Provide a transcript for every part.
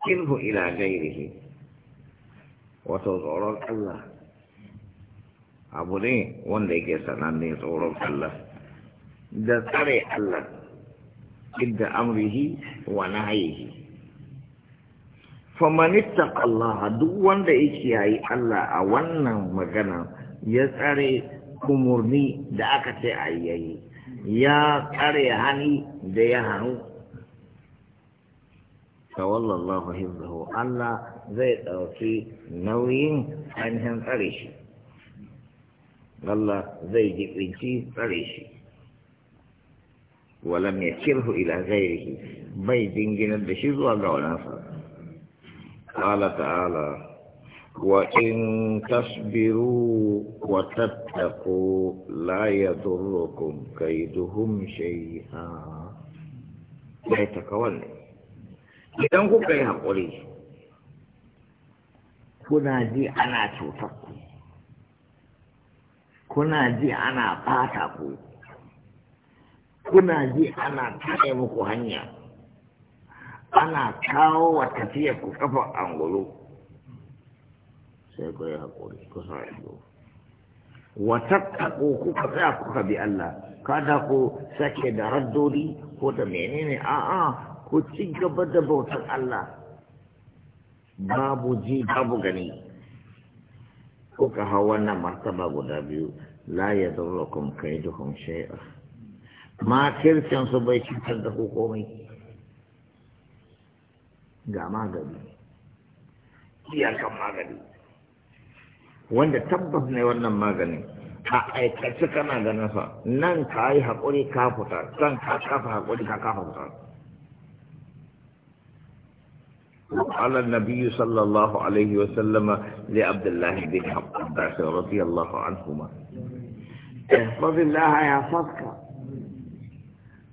kirhu ila gairihi wato tsoron Allah abu ne wanda yake sananne tsoron Allah da tsare Allah idda amrihi wa nahyihi faman ittaqa Allah duk wanda yake yayi Allah a wannan magana ya tsare kumurni da aka ce ayyayi ya tsare hani da ya hanu تولى الله حفظه ألا زي في نوين عنهم فريشي الله زي جبريشي فريشي ولم يكره إلى غيره بي جنجن البشيز وقال قال تعالى وإن تصبروا وتتقوا لا يضركم كيدهم شيئا لا يتقوى idan kuka yi haƙuri kuna ji ana cutar ku kuna ji ana fata ku kuna ji ana tare muku hanya ana kawo wa tafiya ku kafa angulu sai ku yi haƙuri kusa yanzu ido wata taɓo kuka tsaya kuka bi Allah kada ku sake da raddodi ko da menene a'a ku ci gaba da bautar Allah babu ji babu gani ko ka hau wannan martaba guda biyu la ya zaura kun kai duhun shai'a ma kirkin su bai cutar da hukumai ga magani iyakan magani wanda tabbas ne wannan maganin ka aikace kana ganin sa nan ka yi haƙuri ka fita can ka kafa haƙuri ka kafa fita قال النبي صلى الله عليه وسلم لعبد الله بن عباس رضي الله عنهما احفظ الله يحفظك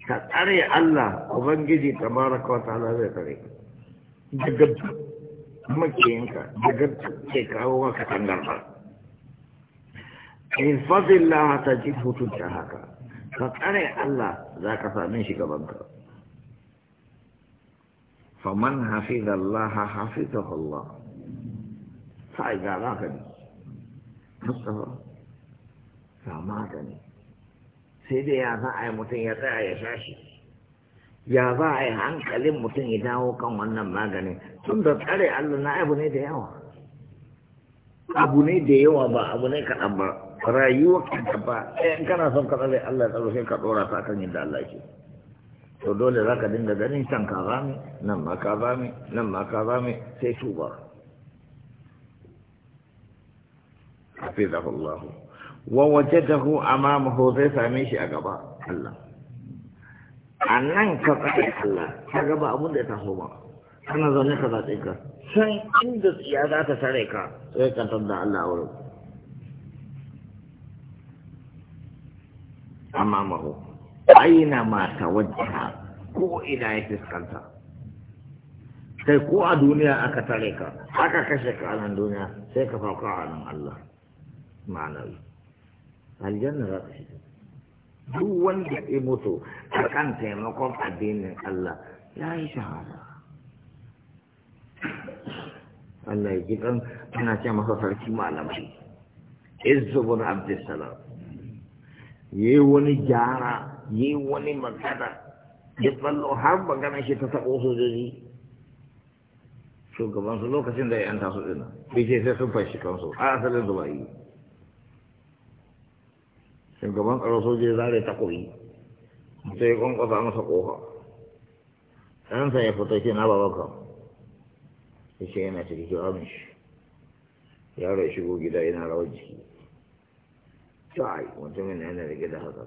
كتري الله وبنجي تبارك وتعالى ذكري جد مكينك جد تكاو وكتنغر احفظ الله تجده تجاهك كتري الله ذاك فمن شكبنك faman hafizallaha hafizahullah sai ga za ka ne mustafa ga magani sai dai ya za a yi mutum ya tsaya ya shashi ya za a yi hankalin mutum ya dawo kan wannan maganin tun da tsare allah na abu ne da yawa abu ne da yawa ba abu ne kaɗan ba rayuwa kaɗan ba ɗayan eh, kana son ka tsare allah ya tsaro sai ka ɗora ta kan yadda allah ke to dole za ka dinga ganin can ka ba mi nan ma ka ba mi nan ma ka ba mi sai tuba hafizahu Allah wa wajadahu amamahu zai same shi a gaba Allah a nan ka tsaye Allah ka gaba abin da ya taho ba kana zaune ka za ka san inda ya za ta tare ka sai ka da Allah wurin amamahu aina ma tawajjaha ko ina ya fuskanta kai ko a duniya aka tare ka aka kashe ka nan duniya sai ka fauka a nan Allah ma'anawi aljanna za ka shiga duk wanda ya mutu a kan taimakon addinin Allah ya yi shahada Allah ya ji kan ana ce masa sarki malamai izzubun abdussalam ya wani gyara yi wani magana ya tsallo har magana shi ta taɓo sojoji shugabansu lokacin da ya yanta su ɗina bishe sai sun fashi kansu a asalin zuba yi shugaban tsaro sojoji za zare ta koyi sai kwankwasa masa ƙofa ɗansa ya fito shi na babanka ya ce yana ciki ki amin shi yaro ya shigo gida yana rawar jiki ta ai mutumin yana da gida haka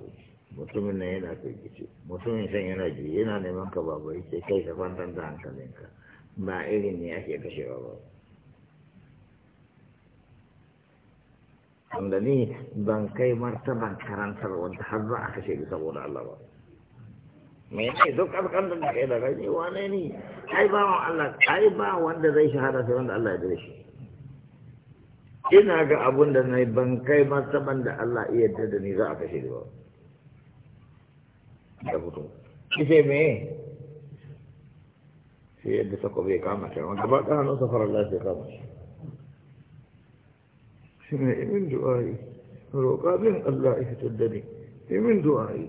mutumin nan yana firgice mutumin san yana ji yana neman ka babu ita kai ka fantan da hankalinka ba irin ne ake kashewa ba wanda ni ban kai martaban karantar wanda har za a kashe ni saboda Allah ba mai ne duk alƙandar da kai da gani wane ne ai ba wa Allah ai ba wanda zai shahada sai wanda Allah ya dare shi ina ga abun da na ban kai martaban da Allah iya yarda da ni za a kashe ni ba ya fito kife me sai yadda sako bai kama shi wanda ba ta hannun safar Allah sai kama shi shi ne imin du'a'i roƙa bin Allah ya fito da ni imin du'a'i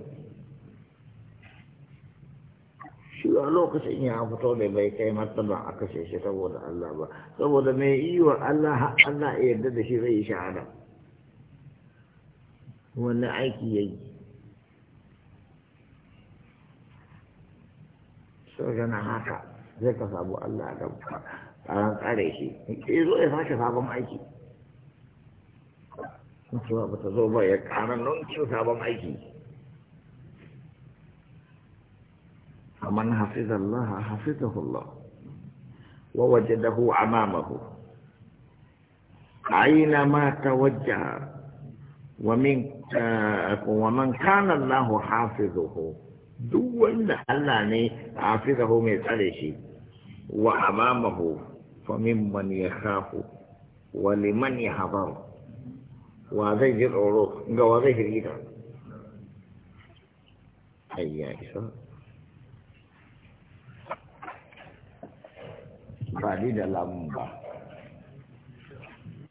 shi a lokacin ya fito da bai kai martaba a kashe shi saboda Allah ba saboda mai yi wa Allah Allah ya yarda da shi zai yi shahada wannan aiki ya yi سوجنا هكا زي كفابو الله عدم فعلمت عليه إذو إذا كفابو معيكي مثل ما بتزوبا يكعرن ننكي وثابو معيكي فمن حفظ الله حفظه الله ووجده أمامه أينما توجه ومن آه، ومن كان الله حافظه duk wanda Allah ne a ko mai tsare shi wa amamahu fa mimman yakhafu wa liman yahzaru wa zai ji tsoro ga wa zai hirgita ayya isa ba da lamun ba